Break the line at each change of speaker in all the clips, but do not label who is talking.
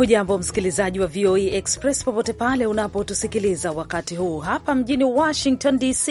Hujambo msikilizaji wa VOA e Express popote pale unapotusikiliza wakati huu. Hapa mjini Washington DC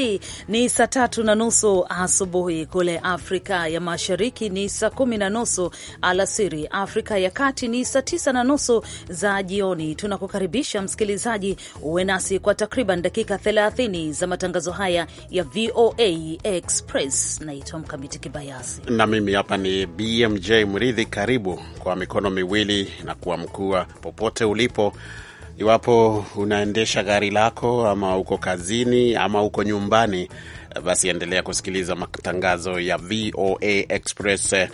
ni saa tatu na nusu asubuhi, kule Afrika ya Mashariki ni saa kumi na nusu alasiri, Afrika ya Kati ni saa tisa na nusu za jioni. Tunakukaribisha msikilizaji, uwe nasi kwa takriban dakika 30 za matangazo haya ya VOA e Express. Naitwa Mkamiti Kibayasi
na mimi hapa ni BMJ Mridhi. Karibu kwa mikono miwili na kuwa mkuu kuwa popote ulipo, iwapo unaendesha gari lako ama uko kazini ama uko nyumbani, basi endelea kusikiliza matangazo ya VOA Express eh,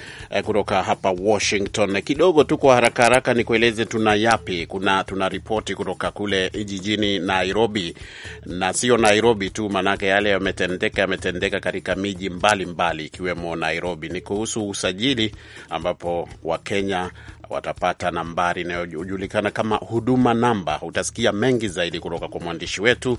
kutoka hapa Washington. Kidogo tu kwa haraka haraka ni kueleze tuna yapi. Kuna tuna ripoti kutoka kule jijini Nairobi, na sio Nairobi tu, maanake yale yametendeka yametendeka katika miji mbalimbali ikiwemo mbali, Nairobi. Ni kuhusu usajili ambapo Wakenya watapata nambari inayojulikana kama huduma namba. Utasikia mengi zaidi kutoka kwa mwandishi wetu,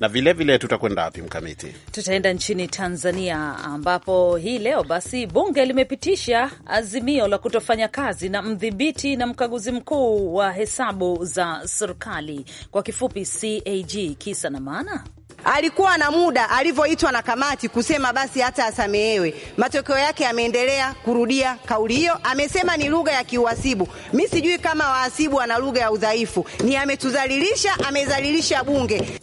na vilevile tutakwenda wapi Mkamiti?
Tutaenda nchini Tanzania, ambapo hii leo basi bunge limepitisha azimio la kutofanya kazi na mdhibiti na mkaguzi mkuu wa hesabu za serikali, kwa kifupi CAG. Kisa na maana Alikuwa
na muda alivyoitwa na kamati kusema basi hata asamehewe. Matokeo yake ameendelea kurudia kauli hiyo. Amesema ni lugha ya kiuhasibu. Mi sijui kama wahasibu wana lugha ya udhaifu. Ni ametuzalilisha amezalilisha Bunge.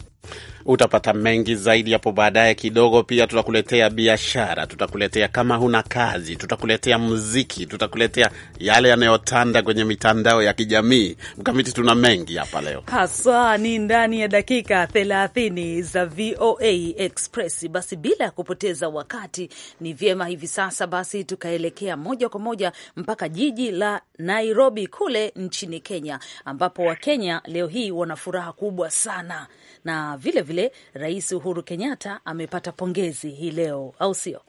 Utapata mengi zaidi hapo baadaye kidogo. Pia tutakuletea biashara, tutakuletea kama huna kazi, tutakuletea muziki, tutakuletea yale yanayotanda kwenye mitandao ya kijamii. Mkamiti, tuna mengi hapa leo
haswa, ni ndani ya dakika thelathini za VOA Express. Basi bila ya kupoteza wakati, ni vyema hivi sasa basi tukaelekea moja kwa moja mpaka jiji la Nairobi kule nchini Kenya, ambapo Wakenya leo hii wana furaha kubwa sana na vile vile vilevile Rais Uhuru Kenyatta amepata pongezi hii leo, au sio?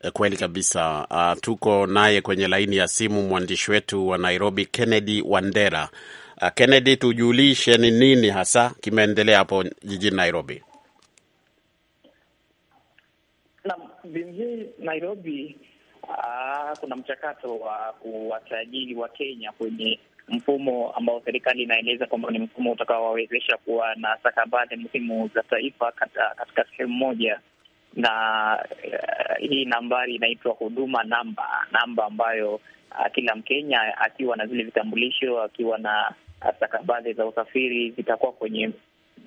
Eh, kweli kabisa. Uh, tuko naye kwenye laini ya simu mwandishi wetu wa Nairobi, Kennedy Wandera. Uh, Kennedy, tujulishe ni nini hasa kimeendelea hapo jijini Nairobi?
Vizuri, Nairobi. Uh, kuna mchakato wa kuwasajili wa Kenya kwenye mfumo ambao serikali inaeleza kwamba ni mfumo utakaowawezesha kuwa na stakabadhi muhimu za taifa katika, katika sehemu moja na uh, hii nambari inaitwa huduma namba, namba ambayo uh, kila Mkenya akiwa na zile vitambulisho akiwa na stakabadhi za usafiri zitakuwa kwenye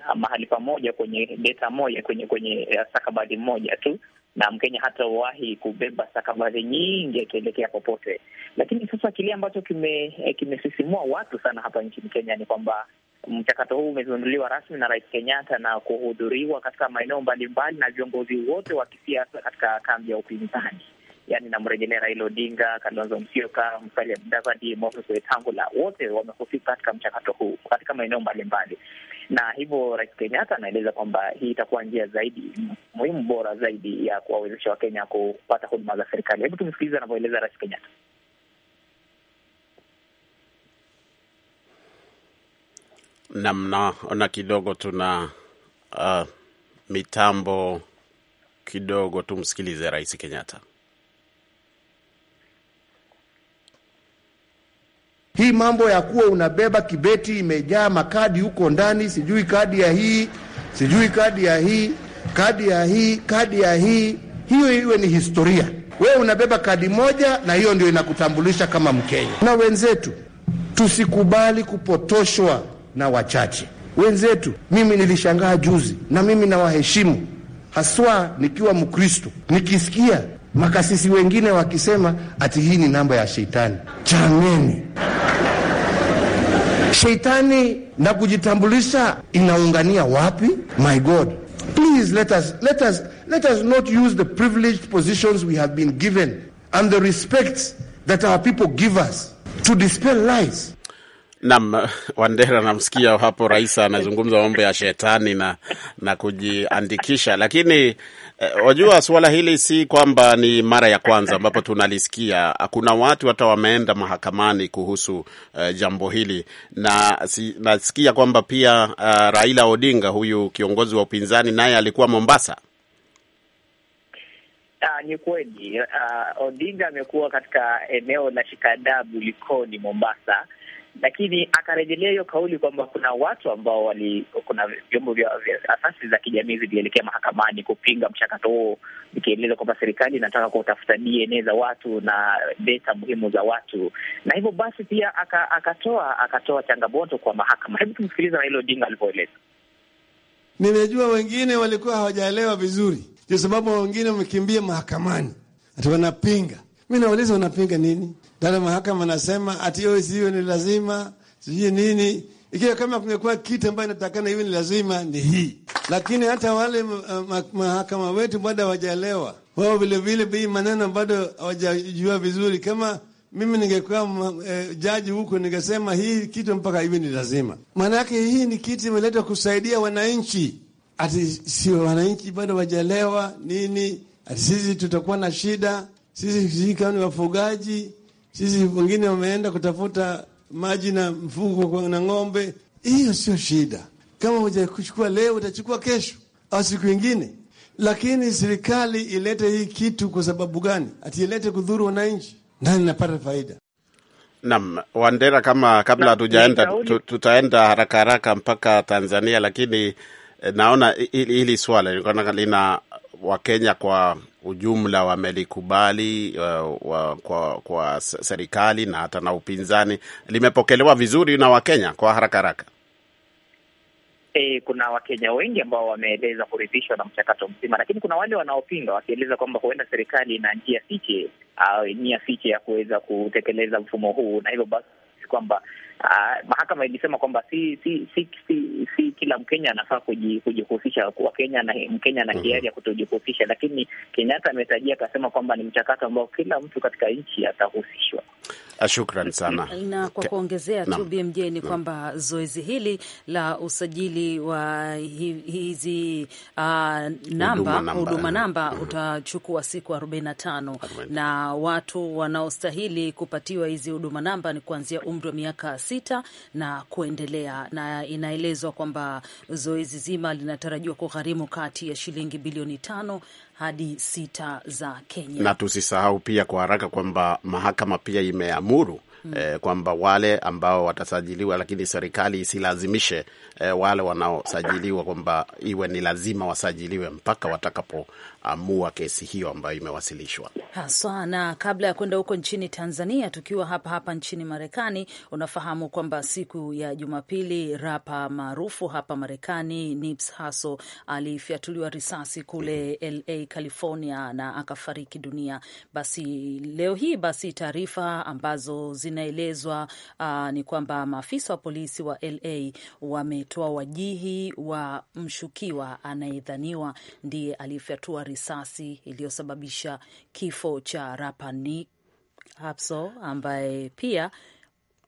ah, mahali pamoja kwenye data moja kwenye kwenye eh, stakabadhi moja tu na Mkenya hatawahi kubeba stakabadhi nyingi akielekea popote. Lakini sasa kile ambacho eh, kimesisimua kime watu sana hapa nchini Kenya ni kwamba mchakato huu umezinduliwa rasmi na Rais Kenyatta na kuhudhuriwa katika maeneo mbalimbali na viongozi wote wa kisiasa katika kambi ya upinzani, yaani namrejelea Raila Odinga, Kalonzo Musyoka, Musalia Mudavadi, Moses Wetangula, wote wamehusika katika mchakato huu katika maeneo mbalimbali na hivyo Rais Kenyatta anaeleza kwamba hii itakuwa njia zaidi muhimu bora zaidi ya kuwawezesha Wakenya kupata huduma za serikali. Hebu tumsikilize anavyoeleza Rais Kenyatta.
Namna ona kidogo tuna uh, mitambo kidogo, tumsikilize Rais Kenyatta. Hii mambo ya kuwa unabeba kibeti imejaa makadi huko ndani, sijui kadi ya hii, sijui kadi ya hii, kadi ya hii, kadi ya hii, hiyo iwe ni historia. Wewe unabeba kadi moja, na hiyo ndio inakutambulisha kama Mkenya. Na wenzetu tusikubali kupotoshwa na wachache wenzetu. Mimi nilishangaa juzi, na mimi nawaheshimu
haswa, nikiwa Mkristo nikisikia makasisi wengine wakisema ati hii ni namba ya sheitani Chameni! Sheitani na kujitambulisha inaungania wapi? My God, please let us, let us, let us not use the privileged positions we have been given and the respect
that our people give us to dispel lies. Nam Wandera, namsikia hapo rais anazungumza mambo ya shetani na, na kujiandikisha, lakini Eh, wajua suala hili si kwamba ni mara ya kwanza ambapo tunalisikia. Kuna watu hata wameenda mahakamani kuhusu eh, jambo hili na si, nasikia kwamba pia uh, Raila Odinga huyu kiongozi wa upinzani naye alikuwa Mombasa.
Uh, ni kweli uh, Odinga amekuwa katika eneo la shikadabu Likoni, Mombasa lakini akarejelea hiyo kauli kwamba kuna watu ambao wali, kuna vyombo vya asasi za kijamii zilielekea mahakamani kupinga mchakato huo, vikieleza kwamba serikali inataka kutafuta DNA za watu na data muhimu za watu, na hivyo basi pia aka, akatoa akatoa changamoto kwa mahakama. Hebu tumsikiliza Raila Odinga alivyoeleza.
Nimejua wengine walikuwa hawajaelewa vizuri, ndio sababu wengine wamekimbia mahakamani ati wanapinga. Mi nauliza wanapinga nini? Dala mahakama anasema ati hiyo isiwe ni lazima, sijui nini. Ikiwa kama kungekuwa kitu ambayo inatakana hiyo ni lazima ni hii, lakini hata wale uh, ma mahakama wetu bado hawajaelewa wao, vilevile bii maneno bado hawajajua vizuri. Kama mimi ningekuwa e, jaji huko ningesema hii kitu mpaka iwe ni lazima, Maana yake hii ni kitu imeletwa kusaidia wananchi, ati sio wananchi bado hawajalewa nini, ati sisi tutakuwa na shida, sisi sii kama ni wafugaji sisi wengine wameenda kutafuta maji na mfugo na ng'ombe. Hiyo sio shida, kama hujachukua leo utachukua kesho au siku ingine. Lakini serikali ilete hii kitu kwa sababu gani? Atiilete kudhuru wananchi? Nani napata faida?
Nam Wandera, kama kabla hatujaenda tutaenda haraka haraka mpaka Tanzania, lakini eh, naona hili swala lina Wakenya kwa ujumla wamelikubali uh, wa, kwa, kwa serikali na hata na upinzani, limepokelewa vizuri na Wakenya kwa haraka haraka.
E, kuna Wakenya wengi ambao wameeleza kuridhishwa na mchakato mzima, lakini kuna wale wanaopinga wakieleza kwamba huenda serikali ina njia fiche, uh, nia fiche ya kuweza kutekeleza mfumo huu, na hivyo basi kwamba Uh, mahakama ilisema kwamba si si, si si si kila Mkenya anafaa kujihusisha, kuwa Kenya na Mkenya na mhm. hiari mm -hmm. ya kutojihusisha, lakini Kenyatta ametajia akasema kwamba ni mchakato ambao kila mtu katika nchi atahusishwa.
Ah, shukran sana.
Na kwa kuongezea tu BMJ ni kwamba zoezi hili la usajili wa hizi uh, namba huduma namba mm -hmm. utachukua siku 45 na watu wanaostahili kupatiwa hizi huduma namba ni kuanzia umri wa miaka sita na kuendelea, na inaelezwa kwamba zoezi zima linatarajiwa kugharimu kati ya shilingi bilioni tano hadi sita za Kenya. Na
tusisahau pia kwa haraka kwamba mahakama pia imeamuru mm. eh, kwamba wale ambao watasajiliwa, lakini serikali isilazimishe eh, wale wanaosajiliwa kwamba iwe ni lazima wasajiliwe mpaka watakapoamua kesi hiyo ambayo imewasilishwa
haswa. Na kabla ya kwenda huko nchini Tanzania, tukiwa hapa hapa nchini Marekani, unafahamu kwamba siku ya Jumapili rapa maarufu hapa Marekani Nipsey Hussle alifyatuliwa risasi kule mm. LA California, na akafariki dunia. Basi leo hii basi taarifa ambazo zina inaelezwa uh, ah, ni kwamba maafisa wa polisi wa LA wametoa wajihi wa mshukiwa anayedhaniwa ndiye aliyefyatua risasi iliyosababisha kifo cha Rapa Hapso ambaye pia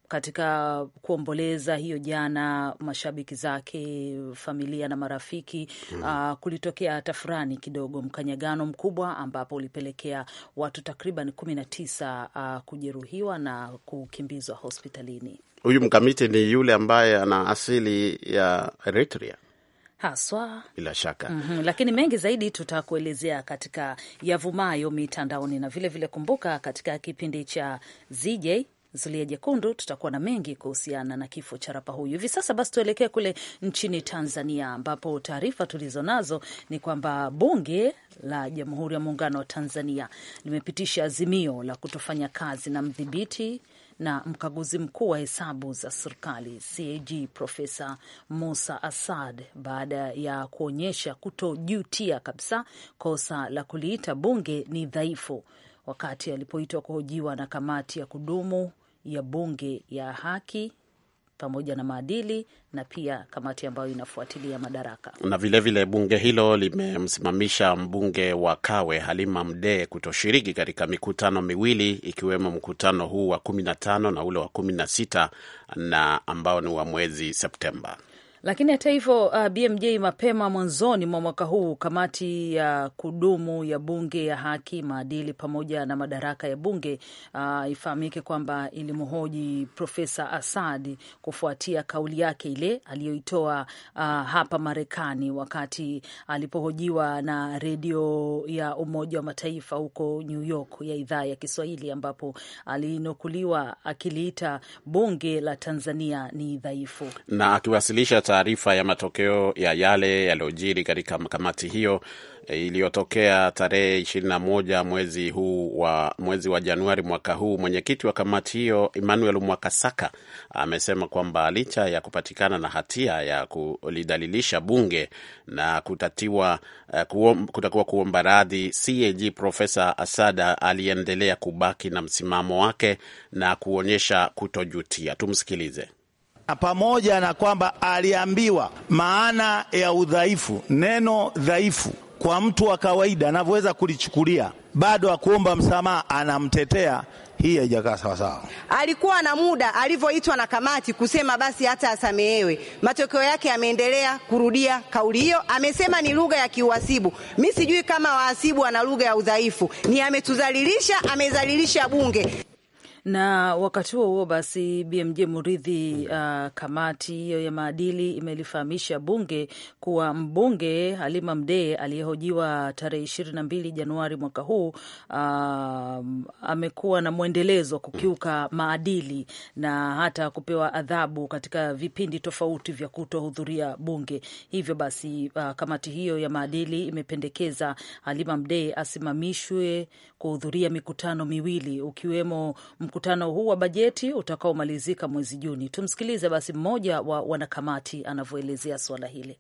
katika kuomboleza hiyo jana, mashabiki zake, familia na marafiki mm. Uh, kulitokea tafurani kidogo, mkanyagano mkubwa ambapo ulipelekea watu takriban kumi na tisa uh, kujeruhiwa na kukimbizwa hospitalini.
Huyu mkamiti ni yule ambaye ana asili ya Eritrea
haswa
bila shaka mm
-hmm. Lakini mengi zaidi tutakuelezea katika yavumayo mitandaoni, na vilevile vile kumbuka, katika kipindi cha ZJ zulia jekundu, tutakuwa na mengi kuhusiana na kifo cha rapa huyu. Hivi sasa basi, tuelekee kule nchini Tanzania, ambapo taarifa tulizo nazo ni kwamba bunge la Jamhuri ya Muungano wa Tanzania limepitisha azimio la kutofanya kazi na mdhibiti na mkaguzi mkuu wa hesabu za serikali CAG Profesa Musa Assad baada ya kuonyesha kutojutia kabisa kosa la kuliita bunge ni dhaifu wakati alipoitwa kuhojiwa na kamati ya kudumu ya bunge ya haki pamoja na maadili na pia kamati ambayo inafuatilia madaraka.
Na vilevile vile bunge hilo limemsimamisha mbunge wa Kawe Halima Mdee kutoshiriki katika mikutano miwili ikiwemo mkutano huu wa kumi na tano na ule wa kumi na sita na ambao ni wa mwezi Septemba.
Lakini hata hivyo uh, BMJ, mapema mwanzoni mwa mwaka huu kamati ya kudumu ya bunge ya haki, maadili pamoja na madaraka ya bunge uh, ifahamike kwamba ilimhoji Profesa Asadi kufuatia kauli yake ile aliyoitoa uh, hapa Marekani wakati alipohojiwa na redio ya Umoja wa Mataifa huko New York ya idhaa ya Kiswahili, ambapo alinukuliwa akiliita bunge la Tanzania ni dhaifu
na akiwasilisha taarifa ya matokeo ya yale yaliyojiri katika kamati hiyo e, iliyotokea tarehe 21 mwezi huu wa mwezi wa Januari mwaka huu, mwenyekiti wa kamati hiyo Emmanuel Mwakasaka amesema kwamba licha ya kupatikana na hatia ya kulidhalilisha bunge na kutatiwa e, kuom, kutakuwa kuomba radhi, CAG Profesa Asada aliendelea kubaki na msimamo wake na kuonyesha kutojutia. Tumsikilize pamoja na kwamba aliambiwa maana ya udhaifu. Neno dhaifu kwa mtu wa kawaida anavyoweza kulichukulia, bado akuomba msamaha, anamtetea hii haijakaa sawasawa.
Alikuwa na muda alivyoitwa na kamati kusema basi hata asamehewe. Matokeo yake ameendelea kurudia kauli hiyo, amesema ni lugha ya kiuhasibu. Mi sijui kama wahasibu wana lugha ya udhaifu. Ni ametudhalilisha, amezalilisha Bunge.
Na wakati huo huo basi, BMJ Muridhi, mm. uh, kamati hiyo ya maadili imelifahamisha bunge kuwa mbunge Halima Mdee aliyehojiwa tarehe ishirini na mbili Januari mwaka huu uh, amekuwa na mwendelezo wa kukiuka maadili na hata kupewa adhabu katika vipindi tofauti vya kutohudhuria bunge. Hivyo basi, uh, kamati hiyo ya maadili imependekeza Halima Mdee asimamishwe kuhudhuria mikutano miwili ukiwemo mkutano mkutano huu wa bajeti utakaomalizika mwezi Juni. Tumsikilize basi mmoja wa wanakamati anavyoelezea suala hili.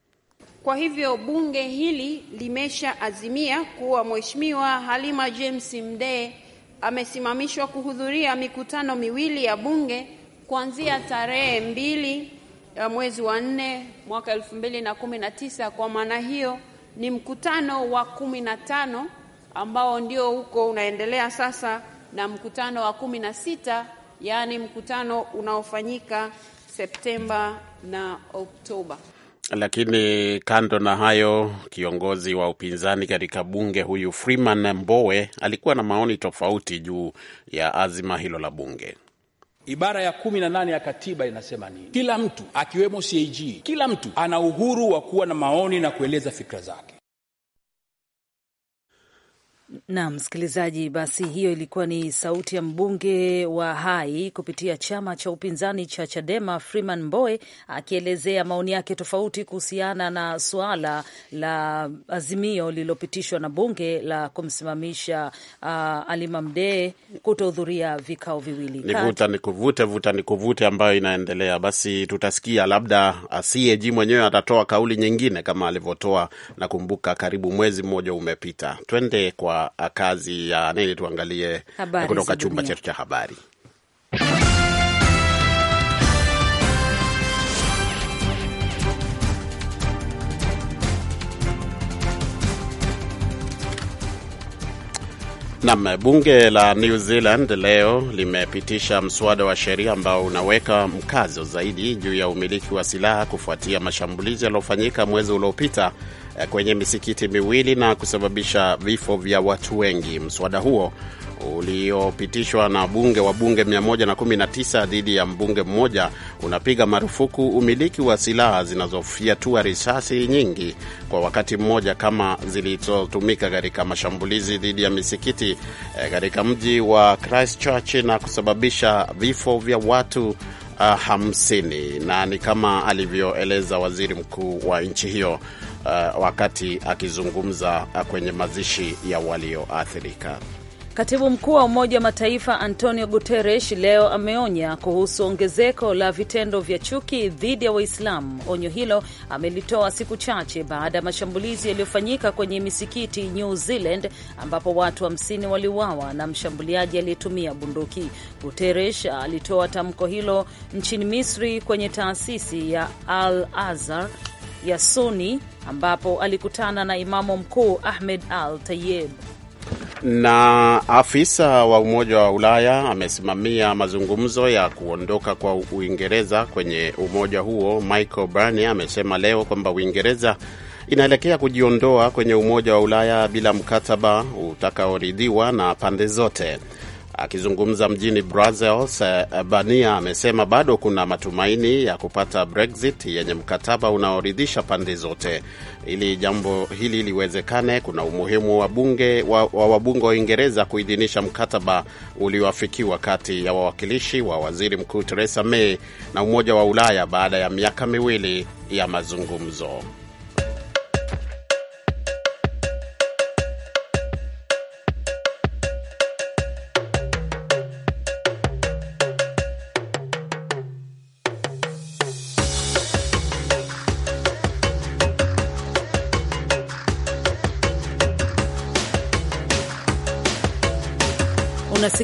Kwa hivyo bunge hili limeshaazimia kuwa Mheshimiwa Halima James Mdee amesimamishwa kuhudhuria mikutano miwili ya bunge kuanzia tarehe mbili ya eh, mwezi wa nne mwaka elfu mbili na kumi na tisa. Kwa maana hiyo ni mkutano wa kumi na tano ambao ndio huko unaendelea sasa na mkutano wa kumi na sita yaani mkutano unaofanyika Septemba
na Oktoba.
Lakini kando na hayo, kiongozi wa upinzani katika bunge huyu Freeman Mbowe alikuwa na maoni tofauti juu ya azima hilo la bunge. Ibara ya kumi na nane ya katiba inasema nini? Kila mtu akiwemo CAG, kila mtu ana uhuru wa kuwa na maoni na kueleza fikra zake.
Naam, msikilizaji, basi hiyo ilikuwa ni sauti ya mbunge wa Hai kupitia chama cha upinzani cha Chadema Freeman Mbowe akielezea maoni yake tofauti kuhusiana na suala la azimio lililopitishwa na bunge la kumsimamisha uh, Halima Mdee kutohudhuria vikao viwili.
ni kuvute, vuta kuvute ambayo inaendelea. Basi tutasikia labda CAG mwenyewe atatoa kauli nyingine kama alivyotoa, nakumbuka karibu mwezi mmoja umepita. Twende kwa kwa uh, kazi ya nini, tuangalie uh, kutoka chumba chetu cha habari. Nam, bunge la New Zealand leo limepitisha mswada wa sheria ambao unaweka mkazo zaidi juu ya umiliki wa silaha kufuatia mashambulizi yaliyofanyika mwezi uliopita kwenye misikiti miwili na kusababisha vifo vya watu wengi. Mswada huo uliopitishwa na bunge wa bunge 119 dhidi ya mbunge mmoja unapiga marufuku umiliki wa silaha zinazofyatua risasi nyingi kwa wakati mmoja kama zilizotumika katika mashambulizi dhidi ya misikiti eh, katika mji wa Christchurch na kusababisha vifo vya watu ah, hamsini, na ni kama alivyoeleza waziri mkuu wa nchi hiyo uh, wakati akizungumza uh, kwenye mazishi ya walioathirika.
Katibu mkuu wa Umoja wa Mataifa Antonio Guterres leo ameonya kuhusu ongezeko la vitendo vya chuki dhidi ya Waislamu. Onyo hilo amelitoa siku chache baada ya mashambulizi yaliyofanyika kwenye misikiti New Zealand, ambapo watu 50 wa waliuawa na mshambuliaji aliyetumia bunduki. Guterres alitoa tamko hilo nchini Misri kwenye taasisi ya Al Azhar ya Suni ambapo alikutana na imamu mkuu Ahmed Al Tayeb.
Na afisa wa Umoja wa Ulaya amesimamia mazungumzo ya kuondoka kwa Uingereza kwenye umoja huo. Michael Barnier amesema leo kwamba Uingereza inaelekea kujiondoa kwenye Umoja wa Ulaya bila mkataba utakaoridhiwa na pande zote. Akizungumza mjini Brussels, eh, eh, Bania amesema bado kuna matumaini ya kupata Brexit yenye mkataba unaoridhisha pande zote. Ili jambo hili liwezekane, kuna umuhimu wa bunge wa wabunge wa Uingereza kuidhinisha mkataba ulioafikiwa kati ya wawakilishi wa waziri mkuu Theresa May na Umoja wa Ulaya baada ya miaka miwili ya mazungumzo.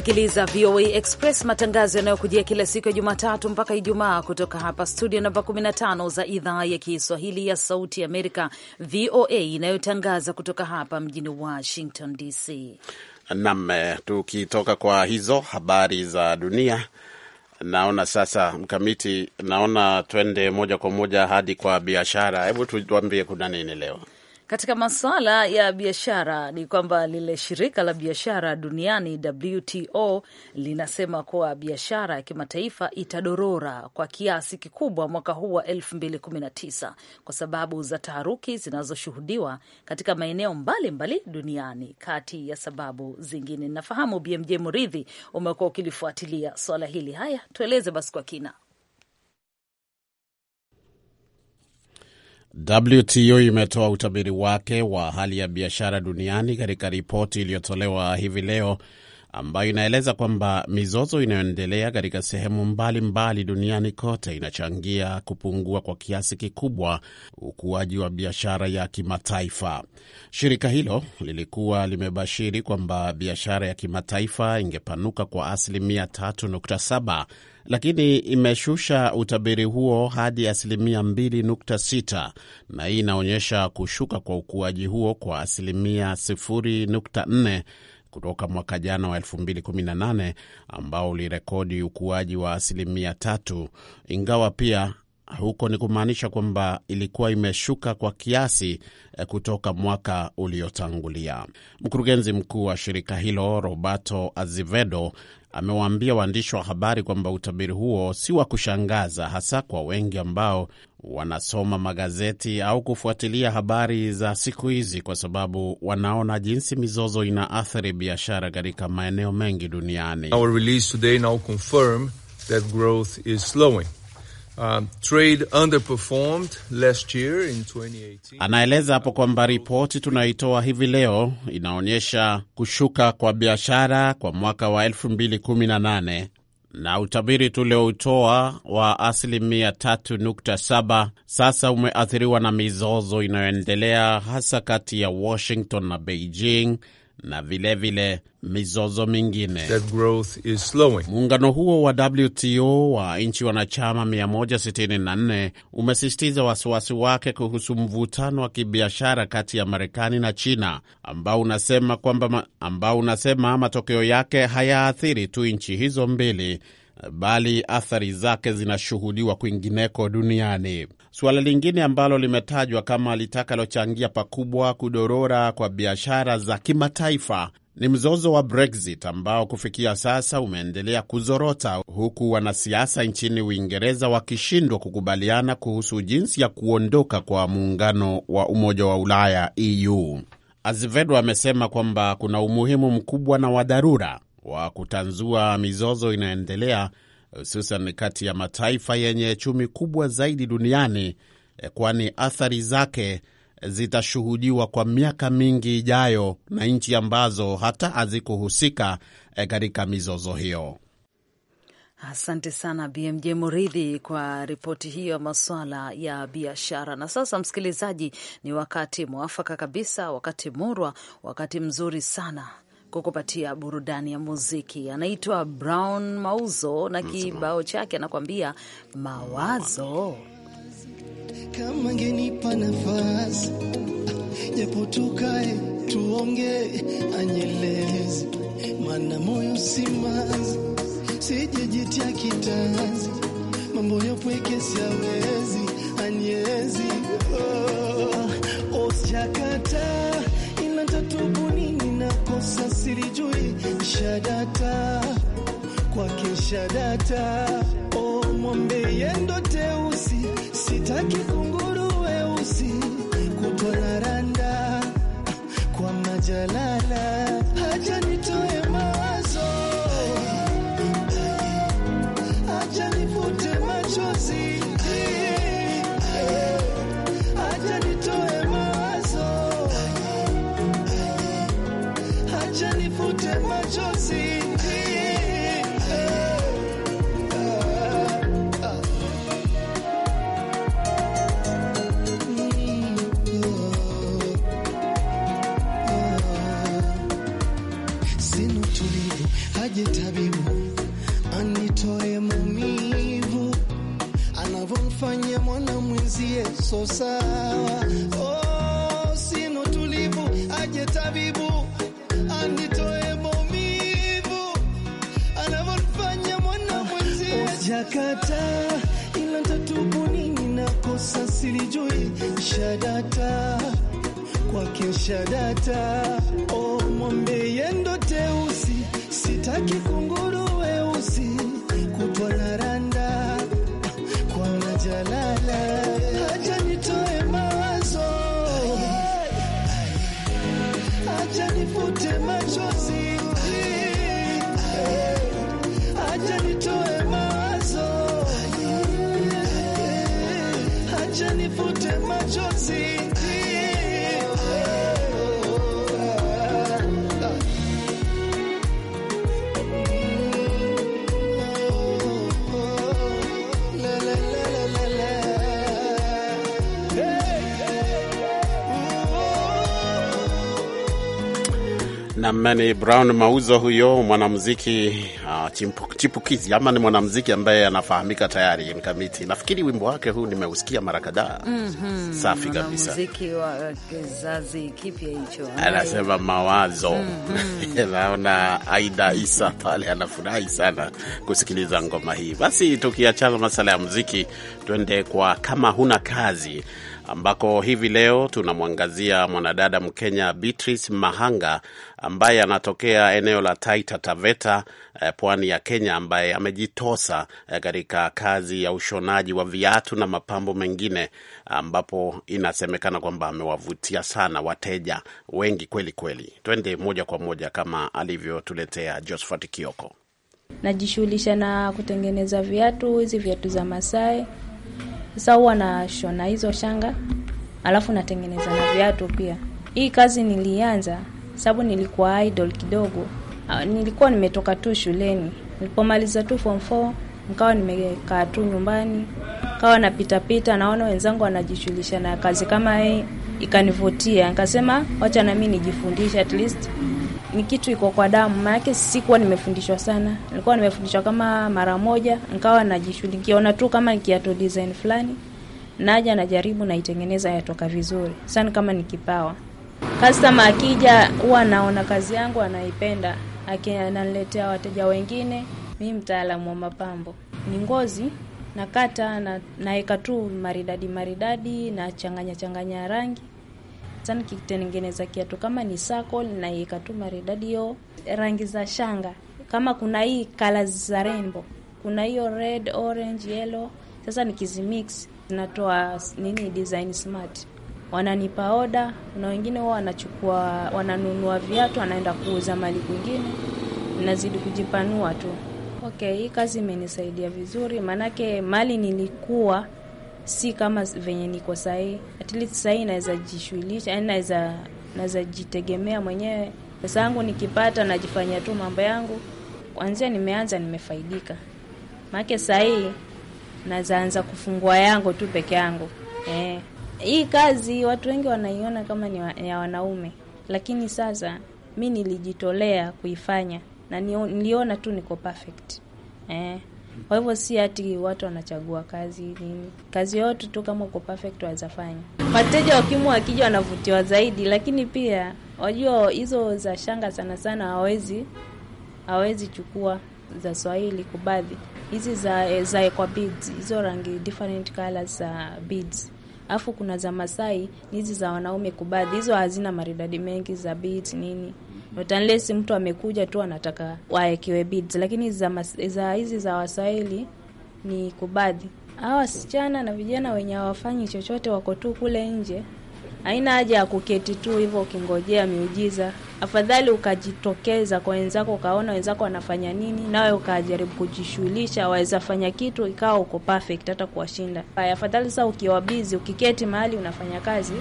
unasikiliza VOA Express, matangazo yanayokujia kila siku ya Jumatatu mpaka Ijumaa kutoka hapa studio namba 15 za idhaa ya Kiswahili ya Sauti ya Amerika, VOA, inayotangaza kutoka hapa mjini Washington DC.
Nam, eh, tukitoka kwa hizo habari za dunia, naona sasa Mkamiti, naona twende moja kwa moja hadi kwa biashara. Hebu tuambie kuna nini leo?
Katika masuala ya biashara ni kwamba lile shirika la biashara duniani WTO linasema kuwa biashara ya kimataifa itadorora kwa kiasi kikubwa mwaka huu wa 2019 kwa sababu za taharuki zinazoshuhudiwa katika maeneo mbalimbali duniani, kati ya sababu zingine. Nafahamu BMJ Muridhi, umekuwa ukilifuatilia swala hili. Haya, tueleze basi kwa kina.
WTO imetoa utabiri wake wa hali ya biashara duniani katika ripoti iliyotolewa hivi leo ambayo inaeleza kwamba mizozo inayoendelea katika sehemu mbalimbali mbali duniani kote inachangia kupungua kwa kiasi kikubwa ukuaji wa biashara ya kimataifa. Shirika hilo lilikuwa limebashiri kwamba biashara ya kimataifa ingepanuka kwa asilimia 3.7 lakini imeshusha utabiri huo hadi asilimia 2.6 na hii inaonyesha kushuka kwa ukuaji huo kwa asilimia kutoka mwaka jana wa 2018 ambao ulirekodi ukuaji wa asilimia tatu, ingawa pia huko ni kumaanisha kwamba ilikuwa imeshuka kwa kiasi eh, kutoka mwaka uliotangulia. Mkurugenzi mkuu wa shirika hilo Roberto Azevedo amewaambia waandishi wa habari kwamba utabiri huo si wa kushangaza, hasa kwa wengi ambao wanasoma magazeti au kufuatilia habari za siku hizi kwa sababu wanaona jinsi mizozo inaathiri biashara katika maeneo mengi duniani. Our release today now confirm that growth is slowing. Um, trade underperformed last year in 2018. Anaeleza hapo kwamba ripoti tunaitoa hivi leo inaonyesha kushuka kwa biashara kwa mwaka wa 2018 na utabiri tulioutoa wa asilimia 3.7 sasa umeathiriwa na mizozo inayoendelea hasa kati ya Washington na Beijing na vilevile vile mizozo mingine. Muungano huo wa WTO wa nchi wanachama 164 umesisitiza wasiwasi wake kuhusu mvutano wa kibiashara kati ya Marekani na China ambao unasema kwamba ambao unasema matokeo yake hayaathiri tu nchi hizo mbili bali athari zake zinashuhudiwa kwingineko duniani. Suala lingine ambalo limetajwa kama litakalochangia pakubwa kudorora kwa biashara za kimataifa ni mzozo wa Brexit ambao kufikia sasa umeendelea kuzorota huku wanasiasa nchini Uingereza wakishindwa kukubaliana kuhusu jinsi ya kuondoka kwa muungano wa Umoja wa Ulaya EU. Azevedo amesema kwamba kuna umuhimu mkubwa na wa dharura wa kutanzua mizozo inaendelea hususan kati ya mataifa yenye chumi kubwa zaidi duniani, eh, kwani athari zake zitashuhudiwa kwa miaka mingi ijayo na nchi ambazo hata hazikuhusika eh, katika mizozo hiyo.
Asante sana BMJ Muridhi kwa ripoti hiyo ya masuala ya biashara. Na sasa, msikilizaji, ni wakati mwafaka kabisa, wakati murwa, wakati mzuri sana kukupatia burudani ya muziki. Anaitwa Brown Mauzo na kibao chake anakuambia mawazo.
Kama ngenipa nafasi japo tukae tuonge, anyeleze mana moyo simazi, sijejitia kitazi, mambo yopweke siawezi, anyezi oh, oh, oh silijui shadata kwake shadata o mwombe yendo teusi sitaki kunguru weusi randa kwa majalala haja nitoe mawazo haja nifute machozi tabibu anitoe maumivu, anavyomfanya mwana mwenzie so sawa. Oh, sina tabibu anitoe maumivu, mwana mwenzie ila tatubu nini silijui shadata kwake shadata, oh mwambe yendo Aqui
Many Brown Mauzo, huyo mwanamuziki uh, chipukizi ama ni mwanamuziki ambaye anafahamika tayari. Mkamiti, nafikiri wimbo wake huu nimeusikia mara kadhaa.
mm -hmm. Safi kabisa, muziki wa kizazi kipya hicho, anasema
mawazo. mm -hmm. Naona Aida Isa pale anafurahi sana kusikiliza ngoma hii. Basi tukiachana masala ya muziki, tuende kwa kama huna kazi ambako hivi leo tunamwangazia mwanadada Mkenya Beatrice Mahanga ambaye anatokea eneo la Taita Taveta, eh, pwani ya Kenya, ambaye amejitosa eh, katika kazi ya ushonaji wa viatu na mapambo mengine, ambapo inasemekana kwamba amewavutia sana wateja wengi kweli kweli. Twende moja kwa moja kama alivyotuletea Josephat Kioko.
Najishughulisha na kutengeneza viatu, hizi viatu za Masai sasa huwa nashona hizo shanga alafu natengeneza na viatu pia. Hii kazi nilianza sababu nilikuwa idol kidogo. Ah, nilikuwa nimetoka tu shuleni, nilipomaliza tu form 4 nikawa nimekaa tu nyumbani, kawa napitapita, naona wenzangu wanajishughulisha na kazi kama hii, ikanivutia, nikasema wacha nami nijifundishe at least ni kitu iko kwa damu, maanake sikuwa nimefundishwa sana, nilikuwa nimefundishwa kama mara moja, nikawa najishughulikiona tu kama nikiato design fulani, naja najaribu naitengeneza, yatoka vizuri sana, kama nikipawa. Customer akija huwa anaona kazi yangu anaipenda, ananiletea wateja wengine. Mi mtaalamu wa mapambo ni ngozi nakata na naeka tu maridadi maridadi, nachanganya changanya rangi sasa nikitengeneza kiatu kama ni circle na ikatu maridadi, yo rangi za shanga, kama kuna hii colors za rainbow, kuna hiyo red, orange, yellow. Sasa nikizimix zinatoa nini design smart. Wananipa oda na wengine wao wanachukua, wananunua viatu, wanaenda kuuza mali kwingine, nazidi kujipanua tu. Okay, hii kazi imenisaidia vizuri, maanake mali nilikuwa si kama venye niko sahii. At least sahii naweza jishughulisha, yani naweza naweza jitegemea mwenyewe. Pesa yangu nikipata, najifanyia tu mambo yangu. Kwanzia nimeanza nimefaidika, maake sahii naweza anza kufungua yangu tu peke yangu eh. Hii kazi watu wengi wanaiona kama ni wa, ya wanaume, lakini sasa mi nilijitolea kuifanya na niliona tu niko perfect eh. Kwa hivyo si ati watu wanachagua kazi nini, kazi yote tu kama uko perfect wazafanya. Wateja wakimu wakija wanavutiwa zaidi, lakini pia wajua hizo za shanga sana sana hawezi hawezi chukua za Swahili kubadhi hizi za za kwa beads hizo rangi different colors za beads, alafu kuna za Masai hizi za wanaume kubadhi, hizo hazina maridadi mengi za beads nini Not unless mtu amekuja tu anataka waekewe beads, lakini za hizi za za Waswahili ni kubadhi. Hawa wasichana na vijana wenye hawafanyi chochote wako tu kule nje, haina haja ya kuketi tu hivyo ukingojea miujiza. Afadhali ukajitokeza kwa wenzako, ukaona wenzako wanafanya nini, nawe ukajaribu kujishughulisha. Waweza fanya kitu ikawa uko perfect hata kuwashinda. Afadhali sasa ukiwa bizi, ukiketi mahali unafanya kazi,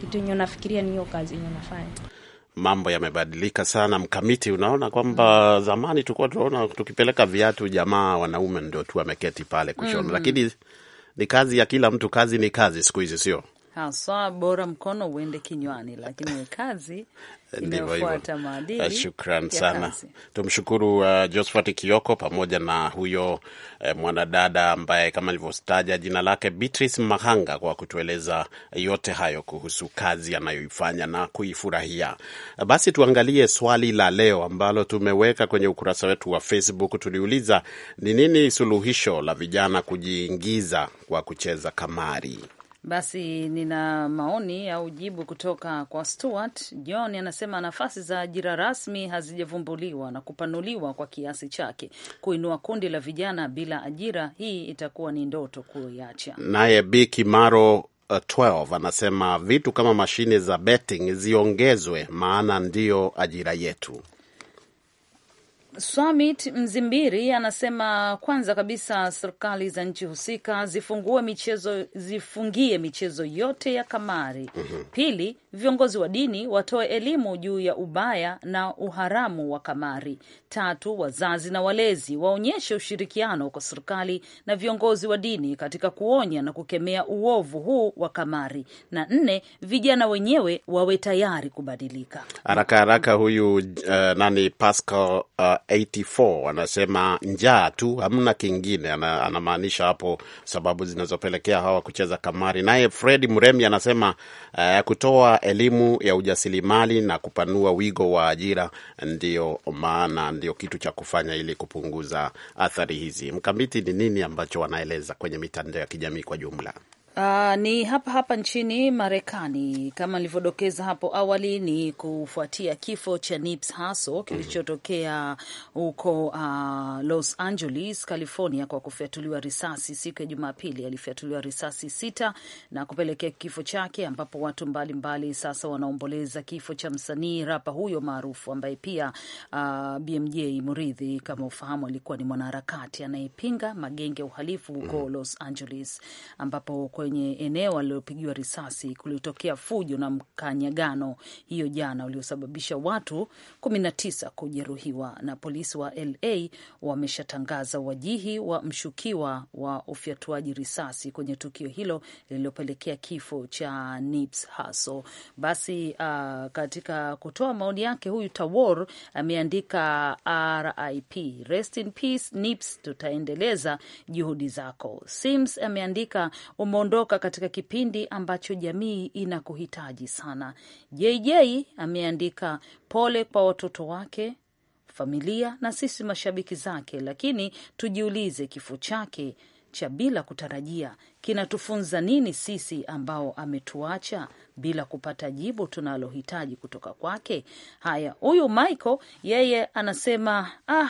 kitu yenye unafikiria ni hiyo kazi yenye unafanya
mambo yamebadilika sana mkamiti. Unaona kwamba mm. zamani tulikuwa tunaona tukipeleka viatu, jamaa wanaume ndio tu ameketi pale kushona mm -hmm. Lakini ni kazi ya kila mtu, kazi ni kazi siku hizi, sio
haswa bora mkono uende kinywani, lakini kazi inayofuata maadili. Eh, shukran sana
Tumshukuru uh, Josphat Kioko pamoja na huyo eh, mwanadada ambaye kama alivyotaja jina lake Beatrice Mahanga kwa kutueleza yote hayo kuhusu kazi anayoifanya na kuifurahia. Eh, basi tuangalie swali la leo ambalo tumeweka kwenye ukurasa wetu wa Facebook. Tuliuliza ni nini suluhisho la vijana kujiingiza kwa kucheza kamari.
Basi nina maoni au jibu kutoka kwa Stuart John, anasema nafasi za ajira rasmi hazijavumbuliwa na kupanuliwa kwa kiasi chake. Kuinua kundi la vijana bila ajira, hii itakuwa ni ndoto kuiacha.
Naye Biki Maro 12 uh, anasema vitu kama mashine za betting ziongezwe, maana ndiyo ajira yetu.
Swamit Mzimbiri anasema kwanza kabisa serikali za nchi husika zifungue michezo, zifungie michezo yote ya kamari. mm -hmm. Pili, viongozi wa dini watoe elimu juu ya ubaya na uharamu wa kamari. Tatu, wazazi na walezi waonyeshe ushirikiano kwa serikali na viongozi wa dini katika kuonya na kukemea uovu huu wa kamari. Na nne, vijana wenyewe wawe tayari kubadilika
haraka haraka. Huyu uh, nani Pascal uh, 84 anasema njaa tu, hamna kingine. Anamaanisha hapo sababu zinazopelekea hawa kucheza kamari. Naye Fred Mremi anasema uh, kutoa elimu ya ujasilimali na kupanua wigo wa ajira ndio maana, ndio kitu cha kufanya ili kupunguza athari hizi. mkamiti ni nini ambacho wanaeleza kwenye mitandao ya kijamii kwa jumla?
Uh, ni hapa hapa nchini Marekani kama nilivyodokeza hapo awali, ni kufuatia kifo cha Nipsey Hussle mhm. kilichotokea huko uh, Los Angeles, California kwa kufyatuliwa risasi siku ya Jumapili. Alifyatuliwa risasi sita na kupelekea kifo chake, ambapo watu mbalimbali mbali sasa wanaomboleza kifo cha msanii rapa huyo maarufu ambaye pia uh, ah, BMJ Muridhi kama ufahamu alikuwa ni mwanaharakati anayepinga magenge ya uhalifu huko mhm. Los Angeles ambapo kwenye eneo alilopigiwa risasi kulitokea fujo na mkanyagano hiyo jana uliosababisha watu 19 kujeruhiwa, na polisi wa LA wameshatangaza wajihi wa mshukiwa wa ufyatuaji risasi kwenye tukio hilo lililopelekea kifo cha Nipsey Hussle. Basi uh, katika kutoa maoni yake huyu Tawor ameandika RIP, rest in peace Nipsey, tutaendeleza juhudi zako. Sims ameandika umeondoa kuondoka katika kipindi ambacho jamii inakuhitaji sana. JJ ameandika pole kwa watoto wake, familia na sisi mashabiki zake, lakini tujiulize kifo chake cha bila kutarajia kinatufunza nini sisi ambao ametuacha bila kupata jibu tunalohitaji kutoka kwake. Haya, huyu Michael yeye anasema ah,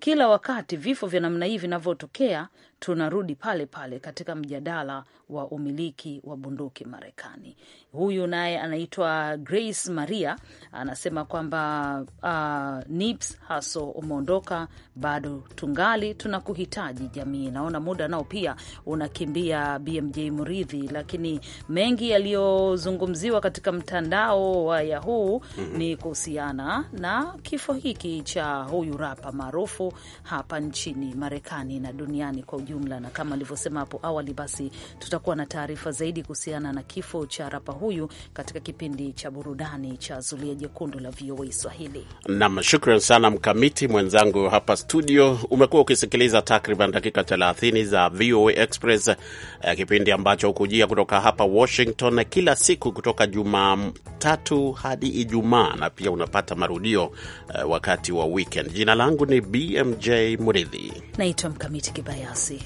kila wakati vifo vya namna hii vinavyotokea tunarudi pale pale katika mjadala wa umiliki wa bunduki Marekani. Huyu naye anaitwa Grace Maria anasema kwamba uh, NIPS haso umeondoka, bado tungali tunakuhitaji jamii. Naona muda nao pia unakimbia, BMJ Muridhi, lakini mengi yaliyozungumziwa katika mtandao wa Yahoo ni kuhusiana na kifo hiki cha huyu rapa maarufu hapa nchini Marekani na duniani kwa ujumla, na kama alivyosema hapo awali, basi tutakuwa na taarifa zaidi kuhusiana na kifo cha rapa huyu katika kipindi cha burudani cha Zulia Jekundu la VOA Swahili.
Nam, shukran sana Mkamiti mwenzangu hapa studio. Umekuwa ukisikiliza takriban dakika 30 za VOA Express, eh, kipindi ambacho hukujia kutoka hapa Washington kila siku kutoka Jumatatu hadi Ijumaa, na pia unapata marudio eh, wakati wa weekend. Jina langu ni BMJ Muridhi,
naitwa Mkamiti Kibayasi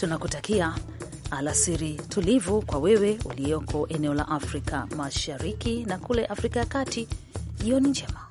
tunakutakia alasiri tulivu kwa wewe ulioko eneo la Afrika Mashariki na kule Afrika ya Kati. Jioni njema.